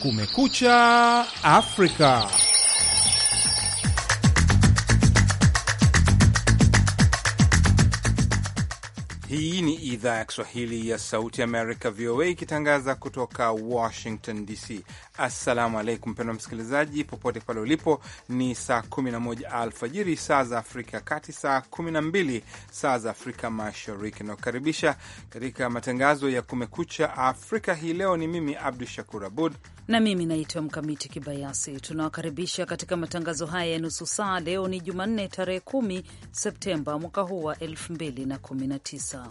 Kumekucha Afrika. Hii ni idhaa ya Kiswahili ya Sauti Amerika, VOA, ikitangaza kutoka Washington DC. Assalamu alaikum mpendwa msikilizaji, popote pale ulipo. Ni saa 11 alfajiri saa za Afrika ya Kati, saa 12 saa za Afrika Mashariki. Nakukaribisha katika matangazo ya Kumekucha Afrika hii leo. Ni mimi Abdu Shakur Abud na mimi naitwa Mkamiti Kibayasi. Tunawakaribisha katika matangazo haya ya nusu saa. Leo ni Jumanne, tarehe 10 Septemba mwaka huu wa 2019. Afrika.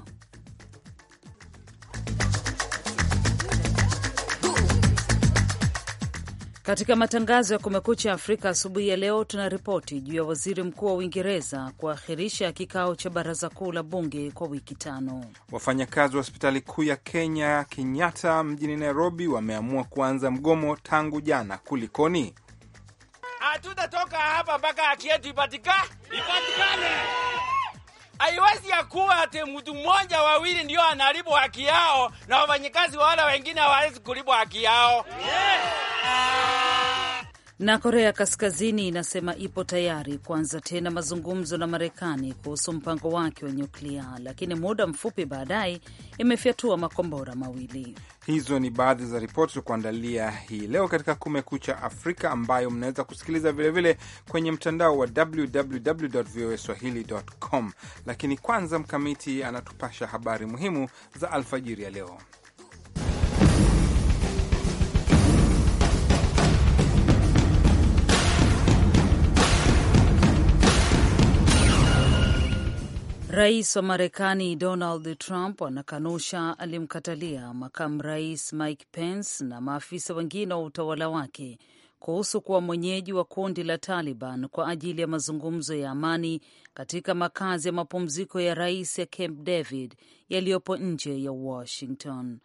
Katika matangazo ya Kumekucha Afrika asubuhi ya leo, tuna ripoti juu ya waziri mkuu wa Uingereza kuahirisha kikao cha baraza kuu la bunge kwa wiki tano. Wafanyakazi wa hospitali kuu ya Kenya Kenyatta mjini Nairobi wameamua kuanza mgomo tangu jana. Kulikoni? hatutatoka hapa mpaka haki yetu ipatikane, ipatikane. Haiwezi ya kuwa ati mtu mmoja wawili ndio analibu haki yao na wafanyikazi wala wengine hawawezi kulibu haki yao. Yeah. Na Korea Kaskazini inasema ipo tayari kuanza tena mazungumzo na Marekani kuhusu mpango wake wa nyuklia, lakini muda mfupi baadaye imefyatua makombora mawili. Hizo ni baadhi za ripoti za kuandalia hii leo katika Kumekucha Afrika, ambayo mnaweza kusikiliza vilevile vile kwenye mtandao wa www voa swahili.com. Lakini kwanza, Mkamiti anatupasha habari muhimu za alfajiri ya leo. Rais wa Marekani Donald Trump anakanusha alimkatalia makamu rais Mike Pence na maafisa wengine wa utawala wake kuhusu kuwa mwenyeji wa kundi la Taliban kwa ajili ya mazungumzo ya amani katika makazi ya mapumziko ya rais ya Camp David yaliyopo nje ya Washington.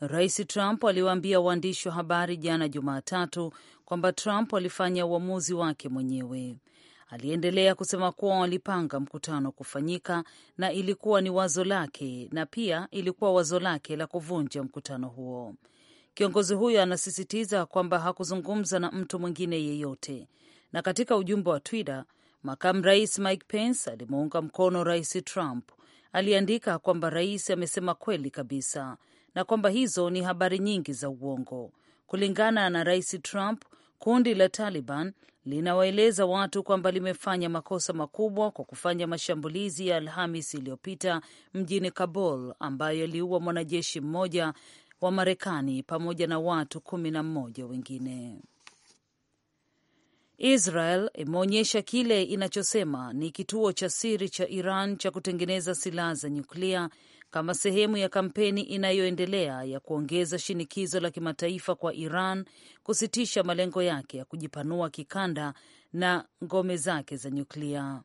Rais Trump aliwaambia waandishi wa habari jana Jumatatu kwamba Trump alifanya uamuzi wake mwenyewe. Aliendelea kusema kuwa walipanga mkutano kufanyika na ilikuwa ni wazo lake na pia ilikuwa wazo lake la kuvunja mkutano huo. Kiongozi huyo anasisitiza kwamba hakuzungumza na mtu mwingine yeyote. Na katika ujumbe wa Twitter, makamu rais Mike Pence alimuunga mkono Rais Trump. Aliandika kwamba rais amesema kweli kabisa na kwamba hizo ni habari nyingi za uongo. Kulingana na Rais Trump, Kundi la Taliban linawaeleza watu kwamba limefanya makosa makubwa kwa kufanya mashambulizi ya Alhamis iliyopita mjini Kabul ambayo yaliua mwanajeshi mmoja wa Marekani pamoja na watu kumi na mmoja wengine. Israel imeonyesha kile inachosema ni kituo cha siri cha Iran cha kutengeneza silaha za nyuklia kama sehemu ya kampeni inayoendelea ya kuongeza shinikizo la kimataifa kwa Iran kusitisha malengo yake ya kujipanua kikanda na ngome zake za nyuklia.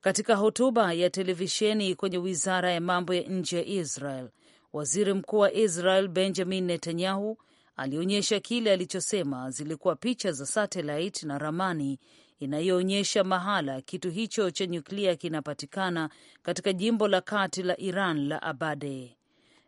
Katika hotuba ya televisheni kwenye wizara ya mambo ya nje ya Israel, waziri mkuu wa Israel Benjamin Netanyahu alionyesha kile alichosema zilikuwa picha za satelit na ramani inayoonyesha mahala kitu hicho cha nyuklia kinapatikana katika jimbo la kati la Iran la Abade.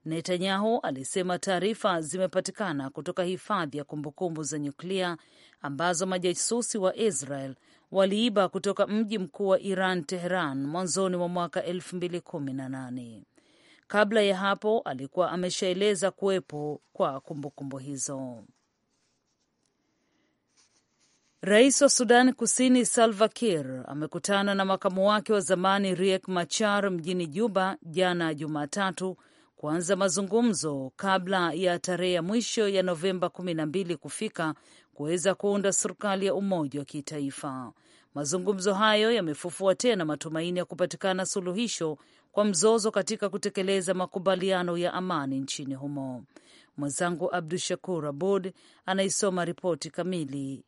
Netanyahu alisema taarifa zimepatikana kutoka hifadhi ya kumbukumbu za nyuklia ambazo majasusi wa Israel waliiba kutoka mji mkuu wa Iran, Teheran, mwanzoni mwa mwaka 2018. Kabla ya hapo alikuwa ameshaeleza kuwepo kwa kumbukumbu hizo. Rais wa Sudan Kusini Salva Kiir amekutana na makamu wake wa zamani Riek Machar mjini Juba jana Jumatatu kuanza mazungumzo kabla ya tarehe ya mwisho ya Novemba kumi na mbili kufika kuweza kuunda serikali ya umoja wa kitaifa. Mazungumzo hayo yamefufua tena matumaini ya kupatikana suluhisho kwa mzozo katika kutekeleza makubaliano ya amani nchini humo. Mwenzangu Abdu Shakur Abud anaisoma ripoti kamili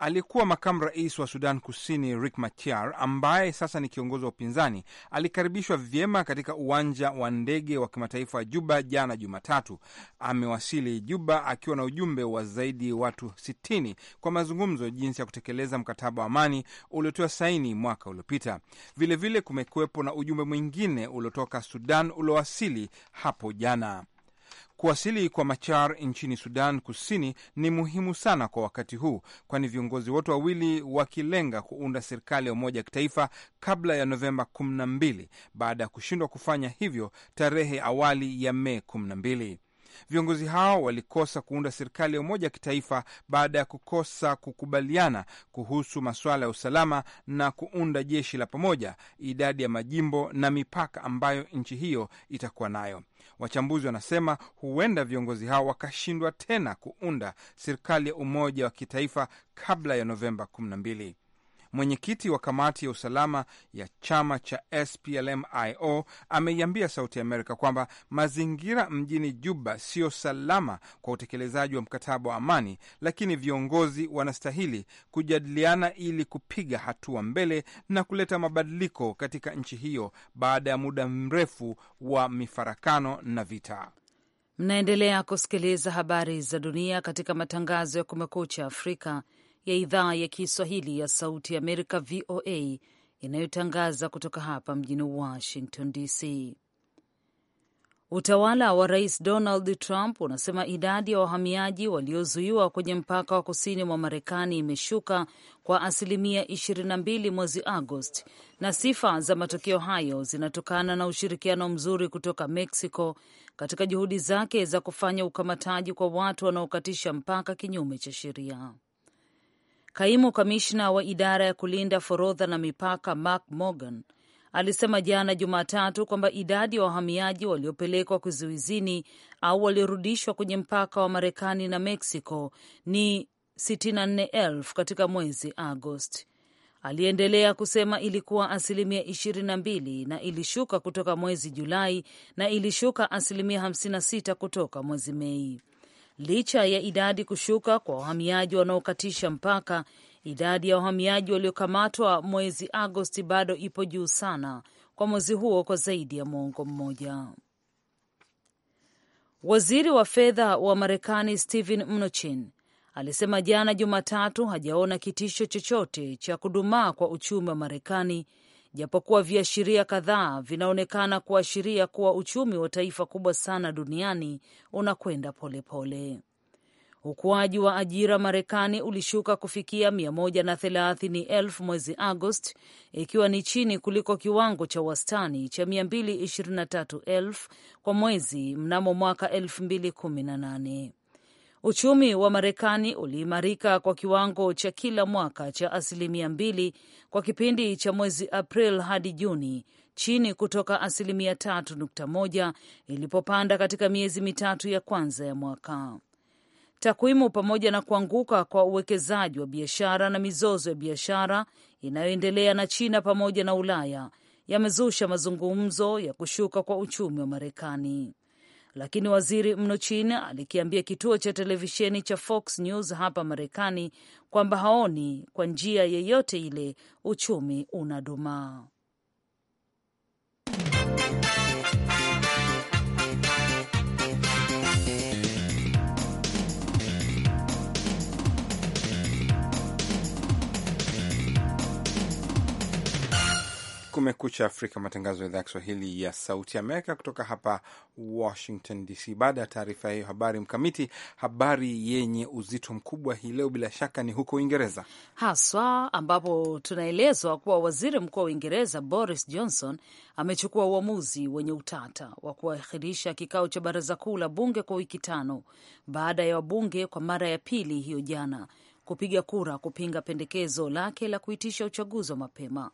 aliyekuwa makamu rais wa Sudan Kusini rik Machar, ambaye sasa ni kiongozi wa upinzani, alikaribishwa vyema katika uwanja wa ndege wa kimataifa wa Juba jana Jumatatu. Amewasili Juba akiwa na ujumbe wa zaidi ya watu 60 kwa mazungumzo jinsi ya kutekeleza mkataba wa amani uliotiwa saini mwaka uliopita. Vilevile kumekuwepo na ujumbe mwingine uliotoka Sudan uliowasili hapo jana. Kuwasili kwa Machar nchini Sudan Kusini ni muhimu sana kwa wakati huu, kwani viongozi wote wawili wakilenga kuunda serikali ya umoja wa kitaifa kabla ya Novemba 12 baada ya kushindwa kufanya hivyo tarehe awali ya Mei 12. Viongozi hao walikosa kuunda serikali ya umoja wa kitaifa baada ya kukosa kukubaliana kuhusu masuala ya usalama na kuunda jeshi la pamoja, idadi ya majimbo na mipaka ambayo nchi hiyo itakuwa nayo. Wachambuzi wanasema huenda viongozi hao wakashindwa tena kuunda serikali ya umoja wa kitaifa kabla ya Novemba na mbili Mwenyekiti wa kamati ya usalama ya chama cha SPLMIO ameiambia Sauti ya Amerika kwamba mazingira mjini Juba siyo salama kwa utekelezaji wa mkataba wa amani, lakini viongozi wanastahili kujadiliana ili kupiga hatua mbele na kuleta mabadiliko katika nchi hiyo baada ya muda mrefu wa mifarakano na vita. Mnaendelea kusikiliza habari za dunia katika matangazo ya Kumekucha Afrika ya idhaa ya Kiswahili ya Sauti ya Amerika, VOA, inayotangaza kutoka hapa mjini Washington DC. Utawala wa Rais Donald Trump unasema idadi ya wahamiaji waliozuiwa kwenye mpaka wa kusini mwa Marekani imeshuka kwa asilimia 22 mwezi Agosti, na sifa za matokeo hayo zinatokana na ushirikiano mzuri kutoka Mexico katika juhudi zake za kufanya ukamataji kwa watu wanaokatisha mpaka kinyume cha sheria. Kaimu kamishna wa idara ya kulinda forodha na mipaka Mark Morgan alisema jana Jumatatu kwamba idadi ya wa wahamiaji waliopelekwa kizuizini au waliorudishwa kwenye mpaka wa Marekani na Meksiko ni 64,000 katika mwezi Agosti. Aliendelea kusema ilikuwa asilimia 22 na ilishuka kutoka mwezi Julai na ilishuka asilimia 56 kutoka mwezi Mei. Licha ya idadi kushuka kwa wahamiaji wanaokatisha mpaka, idadi ya wahamiaji waliokamatwa mwezi Agosti bado ipo juu sana kwa mwezi huo kwa zaidi ya mwongo mmoja. Waziri wa fedha wa Marekani Steven Mnuchin alisema jana Jumatatu hajaona kitisho chochote cha kudumaa kwa uchumi wa Marekani japokuwa viashiria kadhaa vinaonekana kuashiria kuwa uchumi wa taifa kubwa sana duniani unakwenda polepole. Ukuaji wa ajira Marekani ulishuka kufikia 130,000 mwezi Agosti, ikiwa ni chini kuliko kiwango cha wastani cha 223,000 kwa mwezi mnamo mwaka 2018. Uchumi wa Marekani uliimarika kwa kiwango cha kila mwaka cha asilimia mbili kwa kipindi cha mwezi April hadi Juni, chini kutoka asilimia tatu nukta moja ilipopanda katika miezi mitatu ya kwanza ya mwaka. Takwimu pamoja na kuanguka kwa uwekezaji wa biashara na mizozo ya biashara inayoendelea na China pamoja na Ulaya yamezusha mazungumzo ya kushuka kwa uchumi wa Marekani lakini waziri Mnuchin alikiambia kituo cha televisheni cha Fox News hapa Marekani kwamba haoni kwa njia yeyote ile uchumi unadumaa. Kumekucha Afrika, matangazo ya idhaa ya Kiswahili ya Sauti Amerika kutoka hapa Washington DC. Baada ya taarifa hiyo habari mkamiti, habari yenye uzito mkubwa hii leo bila shaka ni huko Uingereza haswa, ambapo tunaelezwa kuwa waziri mkuu wa Uingereza Boris Johnson amechukua uamuzi wenye utata wa kuahirisha kikao cha baraza kuu la bunge kwa wiki tano baada ya wabunge kwa mara ya pili hiyo jana kupiga kura kupinga pendekezo lake la kuitisha uchaguzi wa mapema.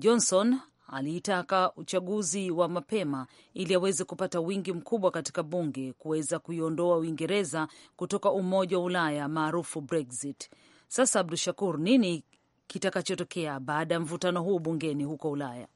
Johnson aliitaka uchaguzi wa mapema ili aweze kupata wingi mkubwa katika bunge kuweza kuiondoa Uingereza kutoka Umoja wa Ulaya maarufu Brexit. Sasa Abdu Shakur, nini kitakachotokea baada ya mvutano huu bungeni huko Ulaya?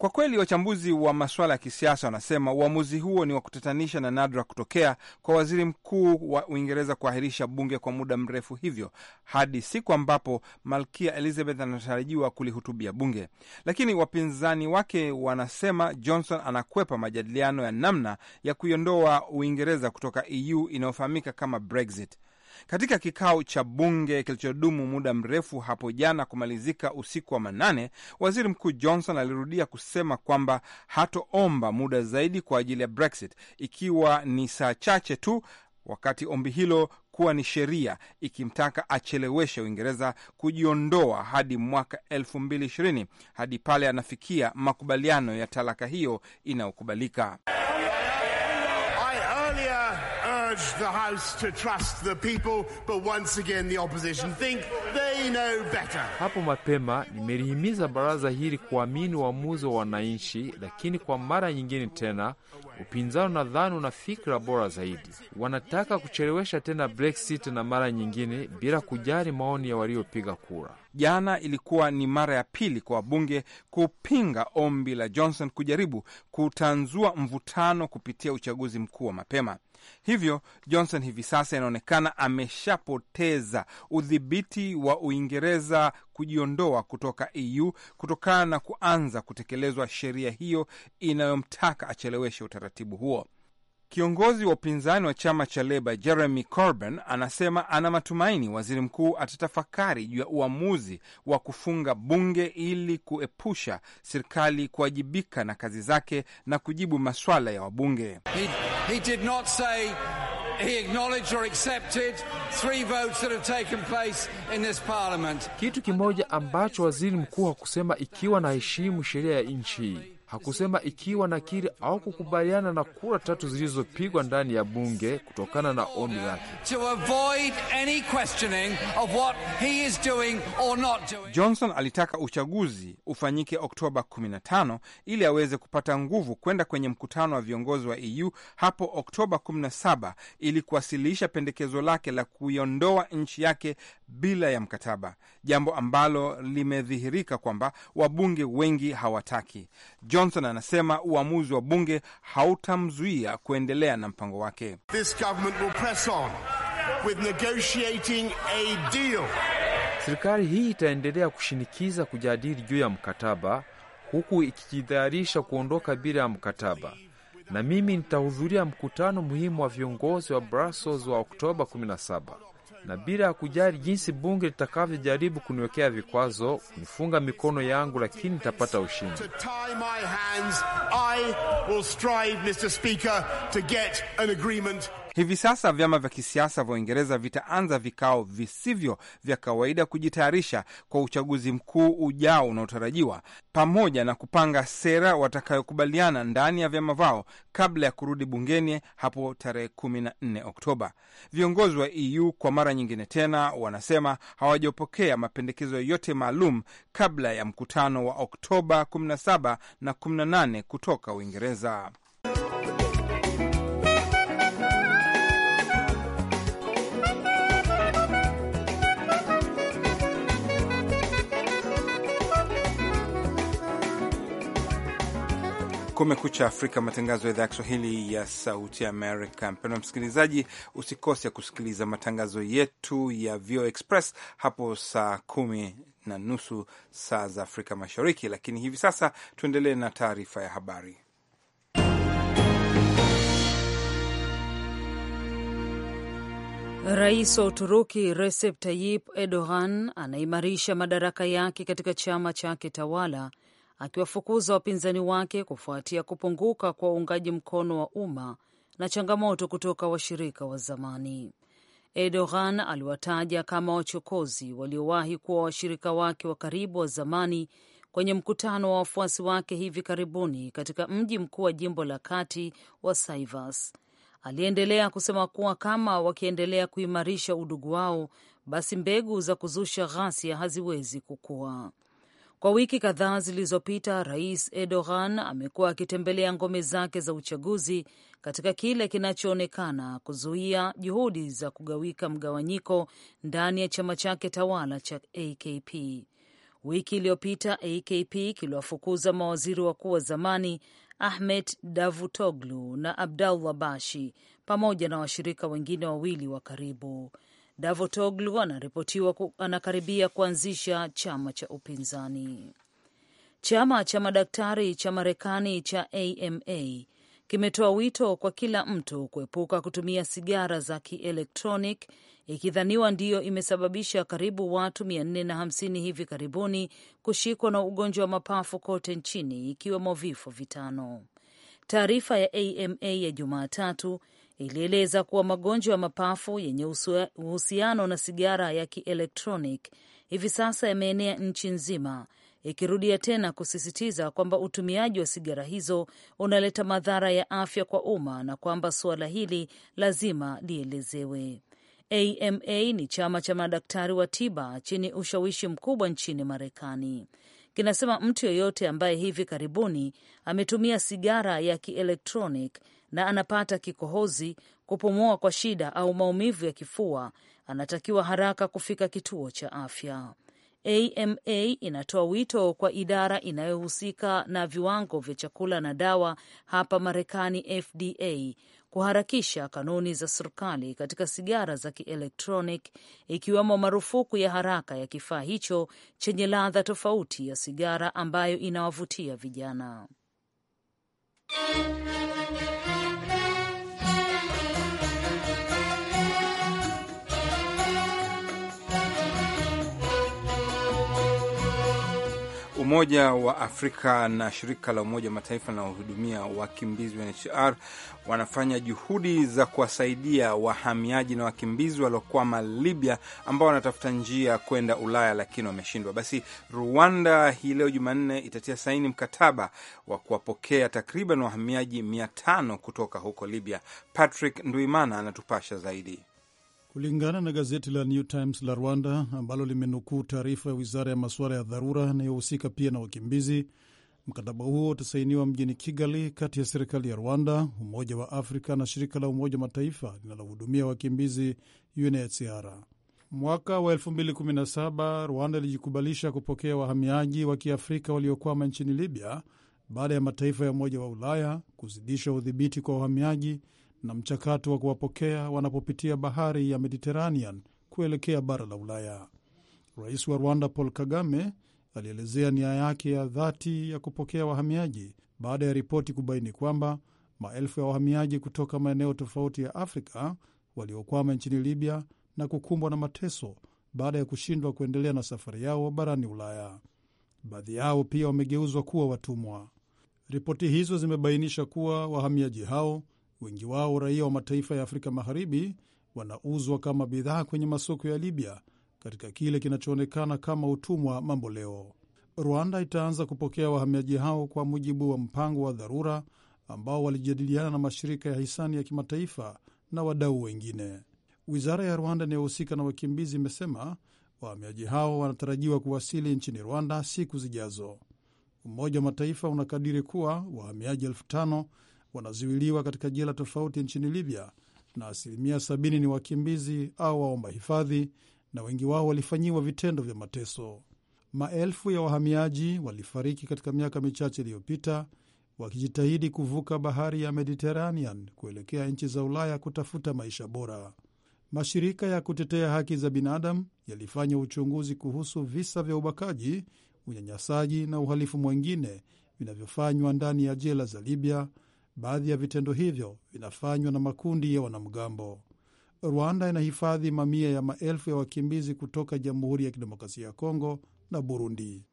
Kwa kweli wachambuzi wa masuala ya kisiasa wanasema uamuzi huo ni wa kutatanisha na nadra kutokea kwa waziri mkuu wa Uingereza kuahirisha bunge kwa muda mrefu hivyo hadi siku ambapo Malkia Elizabeth anatarajiwa kulihutubia bunge. Lakini wapinzani wake wanasema Johnson anakwepa majadiliano ya namna ya kuiondoa Uingereza kutoka EU inayofahamika kama Brexit. Katika kikao cha bunge kilichodumu muda mrefu hapo jana kumalizika usiku wa manane, waziri mkuu Johnson alirudia kusema kwamba hatoomba muda zaidi kwa ajili ya Brexit, ikiwa ni saa chache tu wakati ombi hilo kuwa ni sheria ikimtaka acheleweshe Uingereza kujiondoa hadi mwaka 220 hadi pale anafikia makubaliano ya talaka hiyo inayokubalika urged the House to trust the people, but once again the opposition think they know better. Hapo mapema nimelihimiza baraza hili kuamini uamuzi wa wananchi, lakini kwa mara nyingine tena upinzani nadhani una fikra bora zaidi. Wanataka kuchelewesha tena Brexit na mara nyingine bila kujali maoni ya waliopiga kura. Jana ilikuwa ni mara ya pili kwa wabunge kupinga ombi la Johnson kujaribu kutanzua mvutano kupitia uchaguzi mkuu wa mapema. Hivyo Johnson hivi sasa inaonekana ameshapoteza udhibiti wa Uingereza kujiondoa kutoka EU kutokana na kuanza kutekelezwa sheria hiyo inayomtaka acheleweshe utaratibu huo. Kiongozi wa upinzani wa chama cha Leba Jeremy Corbyn anasema ana matumaini waziri mkuu atatafakari juu ya uamuzi wa kufunga bunge ili kuepusha serikali kuwajibika na kazi zake na kujibu maswala ya wabunge. He, he did not say... Kitu kimoja ambacho waziri mkuu hakusema ikiwa na heshimu sheria ya nchi hii hakusema ikiwa nakiri au kukubaliana na kura tatu zilizopigwa ndani ya bunge kutokana na ombi lake. Johnson alitaka uchaguzi ufanyike Oktoba 15 ili aweze kupata nguvu kwenda kwenye mkutano wa viongozi wa EU hapo Oktoba 17 ili kuwasilisha pendekezo lake la kuiondoa nchi yake bila ya mkataba, jambo ambalo limedhihirika kwamba wabunge wengi hawataki John Johnson anasema uamuzi wa bunge hautamzuia kuendelea na mpango wake. This government will press on with negotiating a deal. Serikali hii itaendelea kushinikiza kujadili juu ya mkataba huku ikijitayarisha kuondoka bila ya mkataba, na mimi nitahudhuria mkutano muhimu wa viongozi wa Brussels wa Oktoba 17 na bila ya kujali jinsi bunge litakavyojaribu kuniwekea vikwazo, kunifunga mikono yangu, lakini nitapata ushindi. Hivi sasa vyama vya kisiasa vya Uingereza vitaanza vikao visivyo vya kawaida kujitayarisha kwa uchaguzi mkuu ujao unaotarajiwa, pamoja na kupanga sera watakayokubaliana ndani ya vyama vao kabla ya kurudi bungeni hapo tarehe 14 Oktoba. Viongozi wa EU kwa mara nyingine tena wanasema hawajapokea mapendekezo yote maalum kabla ya mkutano wa Oktoba 17 na 18 kutoka Uingereza. Kumekucha Afrika, matangazo ya idhaa ya Kiswahili ya Sauti Amerika. Mpendwa msikilizaji, usikose kusikiliza matangazo yetu ya VOA Express hapo saa kumi na nusu saa za Afrika Mashariki, lakini hivi sasa tuendelee na taarifa ya habari. Rais wa Uturuki Recep Tayyip Erdogan anaimarisha madaraka yake katika chama chake tawala akiwafukuza wapinzani wake kufuatia kupunguka kwa uungaji mkono wa umma na changamoto kutoka washirika wa zamani. Erdogan aliwataja kama wachokozi waliowahi kuwa washirika wake wa karibu wa zamani kwenye mkutano wa wafuasi wake hivi karibuni katika mji mkuu wa jimbo la kati wa Saivas. Aliendelea kusema kuwa kama wakiendelea kuimarisha udugu wao, basi mbegu za kuzusha ghasia haziwezi kukua. Kwa wiki kadhaa zilizopita, Rais Erdogan amekuwa akitembelea ngome zake za uchaguzi katika kile kinachoonekana kuzuia juhudi za kugawika mgawanyiko ndani ya chama chake tawala cha AKP. Wiki iliyopita AKP kiliwafukuza mawaziri wakuu wa zamani Ahmed Davutoglu na Abdallah Bashi pamoja na washirika wengine wawili wa karibu. Davutoglu anaripotiwa anakaribia kuanzisha chama cha upinzani. Chama cha madaktari cha Marekani cha AMA kimetoa wito kwa kila mtu kuepuka kutumia sigara za kielektronic ikidhaniwa ndiyo imesababisha karibu watu 450 hivi karibuni kushikwa na ugonjwa wa mapafu kote nchini ikiwemo vifo vitano. Taarifa ya AMA ya Jumatatu ilieleza kuwa magonjwa ya mapafu yenye uhusiano na sigara ya kielektronic hivi sasa yameenea nchi nzima, ikirudia tena kusisitiza kwamba utumiaji wa sigara hizo unaleta madhara ya afya kwa umma na kwamba suala hili lazima lielezewe. AMA ni chama cha madaktari wa tiba chenye ushawishi mkubwa nchini Marekani. Kinasema mtu yeyote ambaye hivi karibuni ametumia sigara ya kielektronic na anapata kikohozi, kupumua kwa shida au maumivu ya kifua, anatakiwa haraka kufika kituo cha afya. AMA inatoa wito kwa idara inayohusika na viwango vya chakula na dawa hapa Marekani, FDA, kuharakisha kanuni za serikali katika sigara za kielektronic, ikiwemo marufuku ya haraka ya kifaa hicho chenye ladha tofauti ya sigara ambayo inawavutia vijana. Umoja wa Afrika na shirika la Umoja wa Mataifa linalohudumia wakimbizi UNHCR wanafanya juhudi za kuwasaidia wahamiaji na wakimbizi waliokwama Libya ambao wanatafuta njia kwenda Ulaya lakini wameshindwa. Basi Rwanda hii leo Jumanne itatia saini mkataba wa kuwapokea takriban wahamiaji mia tano kutoka huko Libya. Patrick Nduimana anatupasha zaidi. Kulingana na gazeti la New Times la Rwanda ambalo limenukuu taarifa ya wizara ya masuala ya dharura inayohusika pia na wakimbizi, mkataba huo utasainiwa mjini Kigali kati ya serikali ya Rwanda, Umoja wa Afrika na shirika la Umoja wa Mataifa linalohudumia wakimbizi UNHCR. Mwaka wa 2017 Rwanda ilijikubalisha kupokea wahamiaji wa kiafrika waliokwama nchini Libya baada ya mataifa ya Umoja wa Ulaya kuzidisha udhibiti kwa wahamiaji na mchakato wa kuwapokea wanapopitia bahari ya Mediteranean kuelekea bara la Ulaya. Rais wa Rwanda Paul Kagame alielezea nia yake ya dhati ya kupokea wahamiaji baada ya ripoti kubaini kwamba maelfu ya wahamiaji kutoka maeneo tofauti ya Afrika waliokwama nchini Libya na kukumbwa na mateso baada ya kushindwa kuendelea na safari yao barani Ulaya. Baadhi yao pia wamegeuzwa kuwa watumwa. Ripoti hizo zimebainisha kuwa wahamiaji hao wengi wao raia wa mataifa ya Afrika Magharibi, wanauzwa kama bidhaa kwenye masoko ya Libya katika kile kinachoonekana kama utumwa mambo leo. Rwanda itaanza kupokea wahamiaji hao kwa mujibu wa mpango wa dharura ambao walijadiliana na mashirika ya hisani ya kimataifa na wadau wengine. Wizara ya Rwanda inayohusika na wakimbizi imesema wahamiaji hao wanatarajiwa kuwasili nchini Rwanda siku zijazo. Umoja wa Mataifa unakadiri kuwa wahamiaji elfu tano wanazuiliwa katika jela tofauti nchini Libya na asilimia sabini ni wakimbizi au waomba hifadhi, na wengi wao walifanyiwa vitendo vya mateso. Maelfu ya wahamiaji walifariki katika miaka michache iliyopita wakijitahidi kuvuka bahari ya Mediteranean kuelekea nchi za Ulaya kutafuta maisha bora. Mashirika ya kutetea haki za binadamu yalifanya uchunguzi kuhusu visa vya ubakaji, unyanyasaji na uhalifu mwingine vinavyofanywa ndani ya jela za Libya Baadhi ya vitendo hivyo vinafanywa na makundi ya wanamgambo. Rwanda inahifadhi mamia ya maelfu ya wakimbizi kutoka Jamhuri ya Kidemokrasia ya Kongo na Burundi.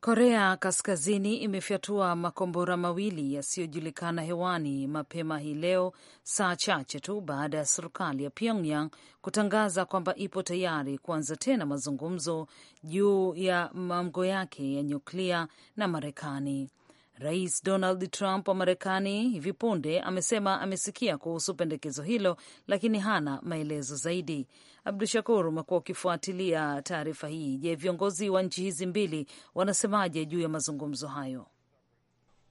Korea Kaskazini imefyatua makombora mawili yasiyojulikana hewani mapema hii leo, saa chache tu baada ya serikali ya Pyongyang kutangaza kwamba ipo tayari kuanza tena mazungumzo juu ya mambo yake ya nyuklia na Marekani. Rais Donald Trump wa Marekani hivi punde amesema amesikia kuhusu pendekezo hilo, lakini hana maelezo zaidi. Abdu Shakur, umekuwa ukifuatilia taarifa hii. Je, viongozi wa nchi hizi mbili wanasemaje juu ya mazungumzo hayo?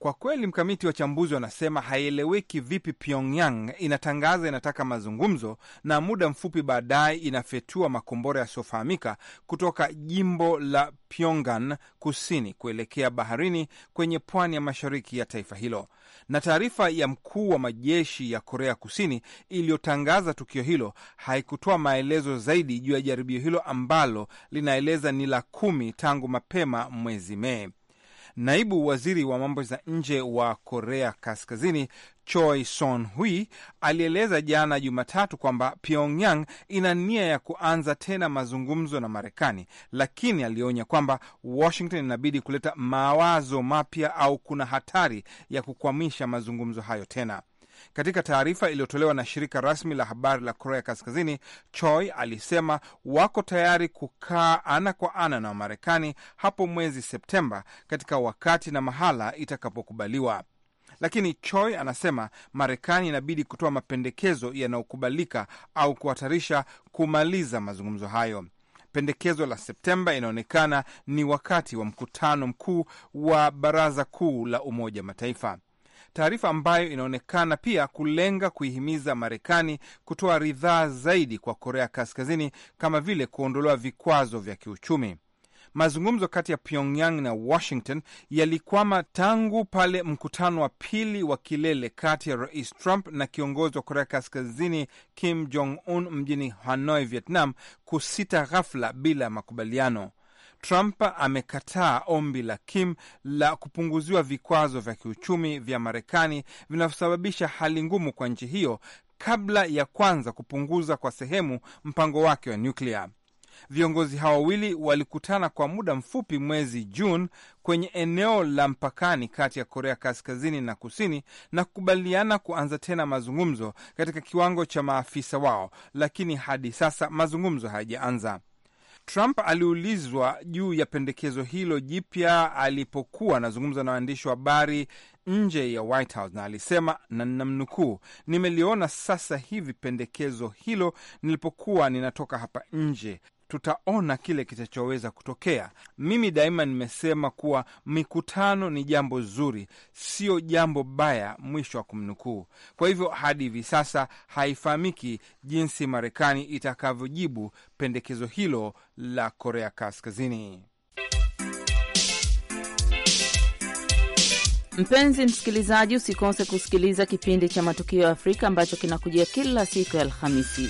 Kwa kweli, mkamiti wachambuzi wanasema haieleweki vipi Pyongyang inatangaza inataka mazungumzo na muda mfupi baadaye inafetua makombora yasiyofahamika kutoka jimbo la Pyongan kusini kuelekea baharini kwenye pwani ya mashariki ya taifa hilo. Na taarifa ya mkuu wa majeshi ya Korea Kusini iliyotangaza tukio hilo haikutoa maelezo zaidi juu ya jaribio hilo ambalo linaeleza ni la kumi tangu mapema mwezi Mei. Naibu waziri wa mambo za nje wa Korea Kaskazini Choi Son Hui alieleza jana Jumatatu kwamba Pyongyang ina nia ya kuanza tena mazungumzo na Marekani, lakini alionya kwamba Washington inabidi kuleta mawazo mapya au kuna hatari ya kukwamisha mazungumzo hayo tena. Katika taarifa iliyotolewa na shirika rasmi la habari la Korea Kaskazini, Choi alisema wako tayari kukaa ana kwa ana na Wamarekani hapo mwezi Septemba katika wakati na mahala itakapokubaliwa. Lakini Choi anasema Marekani inabidi kutoa mapendekezo yanayokubalika au kuhatarisha kumaliza mazungumzo hayo. Pendekezo la Septemba inaonekana ni wakati wa mkutano mkuu wa Baraza Kuu la Umoja Mataifa taarifa ambayo inaonekana pia kulenga kuihimiza Marekani kutoa ridhaa zaidi kwa Korea Kaskazini kama vile kuondolewa vikwazo vya kiuchumi. Mazungumzo kati ya Pyongyang na Washington yalikwama tangu pale mkutano wa pili wa kilele kati ya Rais Trump na kiongozi wa Korea Kaskazini Kim Jong Un mjini Hanoi, Vietnam, kusita ghafla bila makubaliano. Trump amekataa ombi la Kim la kupunguziwa vikwazo vya kiuchumi vya Marekani vinavyosababisha hali ngumu kwa nchi hiyo kabla ya kwanza kupunguza kwa sehemu mpango wake wa nyuklia. Viongozi hao wawili walikutana kwa muda mfupi mwezi Juni kwenye eneo la mpakani kati ya Korea Kaskazini na Kusini na kukubaliana kuanza tena mazungumzo katika kiwango cha maafisa wao, lakini hadi sasa mazungumzo hayajaanza. Trump aliulizwa juu ya pendekezo hilo jipya alipokuwa anazungumza na waandishi wa habari nje ya White House na alisema, na namnukuu, nimeliona sasa hivi pendekezo hilo nilipokuwa ninatoka hapa nje, tutaona kile kitachoweza kutokea. Mimi daima nimesema kuwa mikutano ni jambo zuri, sio jambo baya, mwisho wa kumnukuu. Kwa hivyo hadi hivi sasa haifahamiki jinsi Marekani itakavyojibu pendekezo hilo la Korea Kaskazini. Mpenzi msikilizaji, usikose kusikiliza kipindi cha Matukio ya Afrika ambacho kinakujia kila siku ya Alhamisi.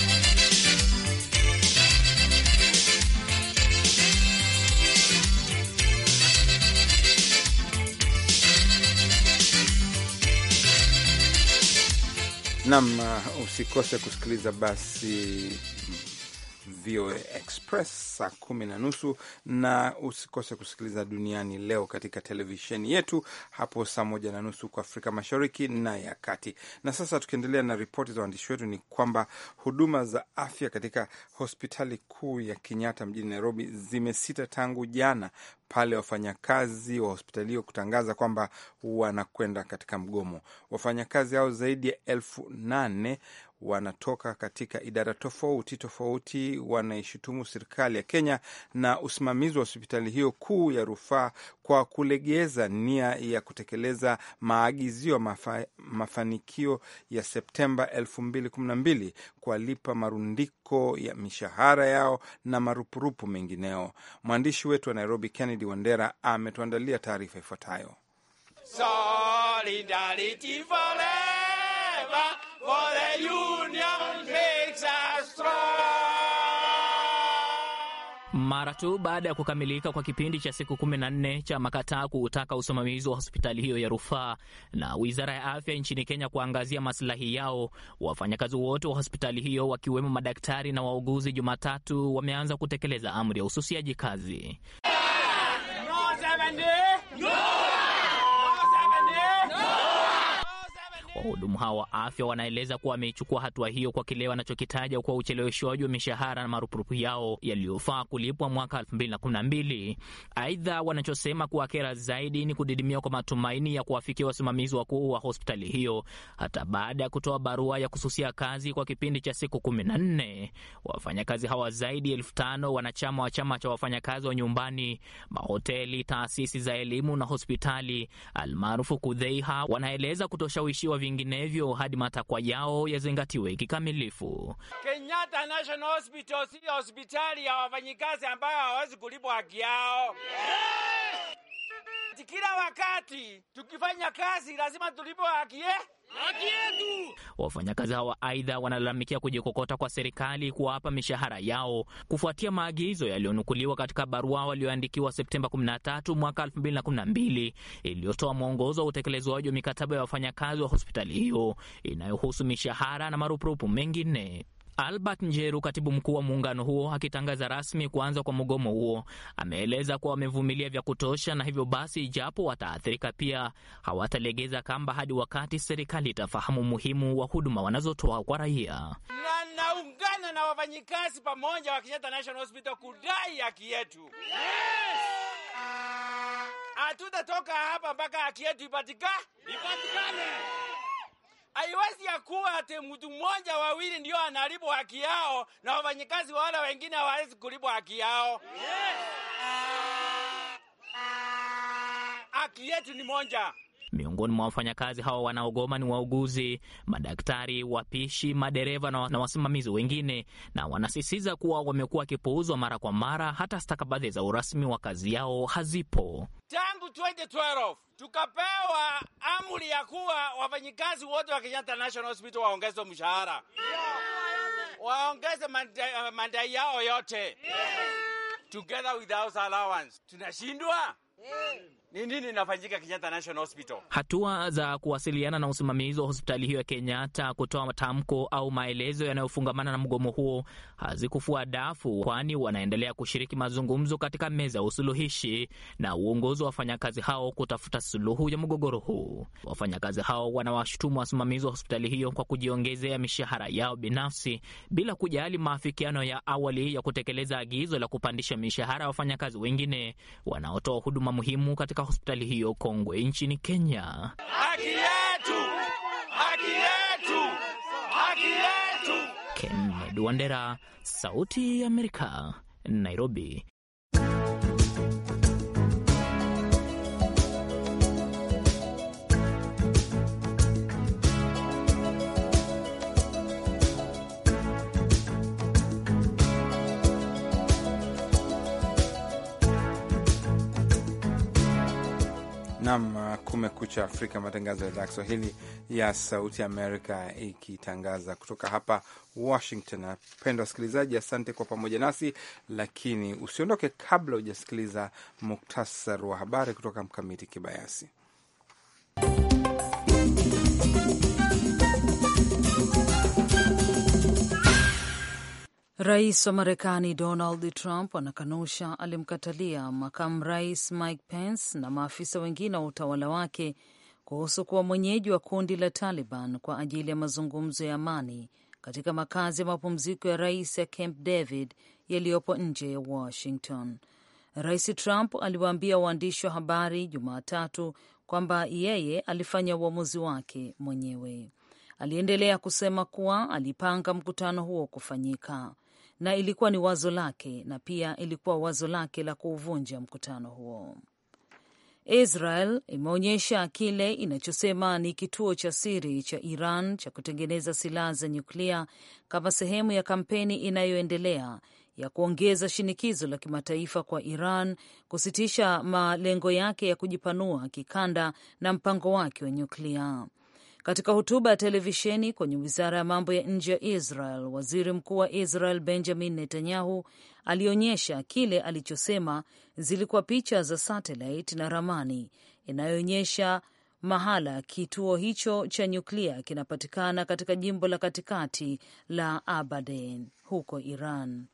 Nam, uh, usikose kusikiliza basi VOA Express saa kumi na nusu, na usikose kusikiliza Duniani Leo katika televisheni yetu hapo saa moja na nusu kwa Afrika Mashariki na ya Kati. Na sasa tukiendelea na ripoti za waandishi wetu, ni kwamba huduma za afya katika hospitali kuu ya Kenyatta mjini Nairobi zimesita tangu jana pale wafanyakazi wa hospitali hiyo kutangaza kwamba wanakwenda katika mgomo. Wafanyakazi hao zaidi ya elfu nane wanatoka katika idara tofauti tofauti wanaishutumu serikali ya Kenya na usimamizi wa hospitali hiyo kuu ya rufaa kwa kulegeza nia ya kutekeleza maagizio mafa, mafanikio ya Septemba 2012 kuwalipa marundiko ya mishahara yao na marupurupu mengineo. Mwandishi wetu wa Nairobi Kennedy Wandera ametuandalia taarifa ifuatayo. Solidarity forever for the union makes us strong. Mara tu baada ya kukamilika kwa kipindi cha siku 14 cha makataa kuutaka usimamizi wa hospitali hiyo ya rufaa na wizara ya afya nchini Kenya kuangazia masilahi yao, wafanyakazi wote wa hospitali hiyo wakiwemo madaktari na wauguzi, Jumatatu wameanza kutekeleza amri ya ususiaji kazi. Wahudumu hao wa afya wanaeleza kuwa wameichukua hatua wa hiyo kwa kile wanachokitaja kuwa ucheleweshwaji wa mishahara na marupurupu yao yaliyofaa kulipwa mwaka 2012. Aidha, wanachosema kuwa kera zaidi ni kudidimia kwa matumaini ya kuwafikia wasimamizi wakuu wa hospitali hiyo hata baada ya kutoa barua ya kususia kazi kwa kipindi cha siku 14. Wafanyakazi hawa zaidi elfu tano wanachama wa chama cha wafanyakazi wa nyumbani, mahoteli, taasisi za elimu na hospitali almaarufu KUDHEIHA wanaeleza kutoshawishiwa vinginevyo hadi matakwa yao yazingatiwe kikamilifu. Kenyatta National Hospital si hospitali ya wafanyikazi ambayo hawawezi kulipwa haki yao. Yeah! Kila wakati tukifanya kazi lazima tulipwe haki yetu. Eh? Wafanyakazi hawa aidha wanalalamikia kujikokota kwa serikali kuwapa mishahara yao kufuatia maagizo yaliyonukuliwa katika barua walioandikiwa Septemba 13 mwaka 2012 iliyotoa mwongozo wa utekelezwaji wa mikataba ya wafanyakazi wa hospitali hiyo inayohusu mishahara na marupurupu mengine. Albert Njeru, katibu mkuu wa muungano huo, akitangaza rasmi kuanza kwa mgomo huo, ameeleza kuwa wamevumilia vya kutosha, na hivyo basi, ijapo wataathirika, pia hawatalegeza kamba hadi wakati serikali itafahamu umuhimu wa huduma wanazotoa kwa raia. Na naungana na wafanyikazi pamoja wa Kenyatta National Hospital kudai haki yetu. Ah, hatutatoka yes! hapa mpaka haki yetu ipatikane. Haiwezi ya kuwa ati mtu mmoja wawili ndio analipo haki yao na wafanyikazi wale wengine hawawezi kulipo haki yao. Yes. Haki yetu ni moja. Miongoni mwa wafanyakazi hao wanaogoma ni wauguzi, madaktari, wapishi, madereva na wasimamizi wengine, na wanasisitiza kuwa wamekuwa wakipuuzwa mara kwa mara, hata stakabadhi za urasmi wa kazi yao hazipo. Tangu 2012 tukapewa amri ya kuwa wafanyikazi wote wa Kenyatta National Hospital waongezwe mshahara, waongeze mandai yao yote, together with allowance. Tunashindwa? Yeah ni nini inafanyika Kenyatta National Hospital. Hatua za kuwasiliana na usimamizi wa hospitali hiyo ya Kenyatta kutoa matamko au maelezo yanayofungamana na mgomo huo hazikufua dafu, kwani wanaendelea kushiriki mazungumzo katika meza ya usuluhishi na uongozi wa wafanyakazi hao kutafuta suluhu ya mgogoro huu. Wafanyakazi hao wanawashutumu wasimamizi wa hospitali hiyo kwa kujiongezea mishahara yao binafsi bila kujali maafikiano ya awali ya kutekeleza agizo la kupandisha mishahara ya wafanyakazi wengine wanaotoa huduma muhimu katika katika hospitali hiyo kongwe nchini Kenya. Haki yetu! Haki yetu! Haki yetu! Kennedy Wandera, Sauti ya Amerika, Nairobi. Nam uh, Kumekucha Afrika, matangazo ya idhaa Kiswahili ya Sauti Amerika ikitangaza kutoka hapa Washington. Napenda wasikilizaji, asante kwa pamoja nasi, lakini usiondoke kabla hujasikiliza muktasar wa habari kutoka Mkamiti Kibayasi. Rais wa Marekani Donald Trump anakanusha alimkatalia makamu rais Mike Pence na maafisa wengine wa utawala wake kuhusu kuwa mwenyeji wa kundi la Taliban kwa ajili ya mazungumzo ya amani katika makazi ya mapumziko ya rais ya Camp David yaliyopo nje ya Washington. Rais Trump aliwaambia waandishi wa habari Jumatatu kwamba yeye alifanya uamuzi wake mwenyewe. Aliendelea kusema kuwa alipanga mkutano huo kufanyika na ilikuwa ni wazo lake na pia ilikuwa wazo lake la kuuvunja mkutano huo. Israel imeonyesha kile inachosema ni kituo cha siri cha Iran cha kutengeneza silaha za nyuklia kama sehemu ya kampeni inayoendelea ya kuongeza shinikizo la kimataifa kwa Iran kusitisha malengo yake ya kujipanua kikanda na mpango wake wa nyuklia. Katika hotuba ya televisheni kwenye wizara ya mambo ya nje ya Israel, waziri mkuu wa Israel Benjamin Netanyahu alionyesha kile alichosema zilikuwa picha za satellite na ramani inayoonyesha mahala kituo hicho cha nyuklia kinapatikana katika jimbo la katikati la Abadan huko Iran.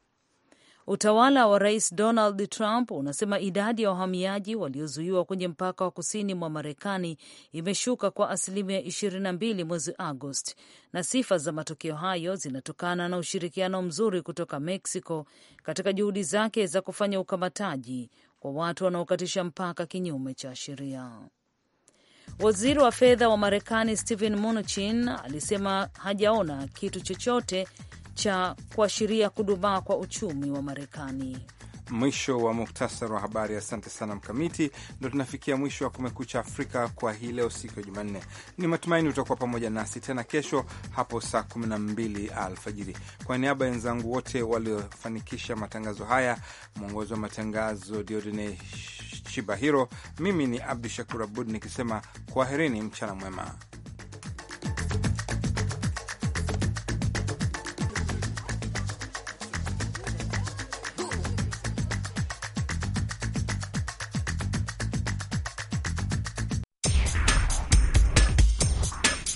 Utawala wa Rais Donald Trump unasema idadi ya wahamiaji waliozuiwa kwenye mpaka wa kusini mwa Marekani imeshuka kwa asilimia 22 mwezi Agosti, na sifa za matokeo hayo zinatokana na ushirikiano mzuri kutoka Mexico katika juhudi zake za kufanya ukamataji kwa watu wanaokatisha mpaka kinyume cha sheria. Waziri wa fedha wa Marekani Steven Mnuchin alisema hajaona kitu chochote cha kuashiria kudumaa kwa uchumi wa Marekani. Mwisho wa muktasari wa habari. Asante sana Mkamiti. Ndo tunafikia mwisho wa Kumekucha Afrika kwa hii leo, siku ya Jumanne. Ni matumaini utakuwa pamoja nasi tena kesho hapo saa 12 alfajiri. Kwa niaba ya wenzangu wote waliofanikisha matangazo haya, mwongozi wa matangazo Diodene Chibahiro, mimi ni Abdu Shakur Abud nikisema kwaherini, mchana mwema.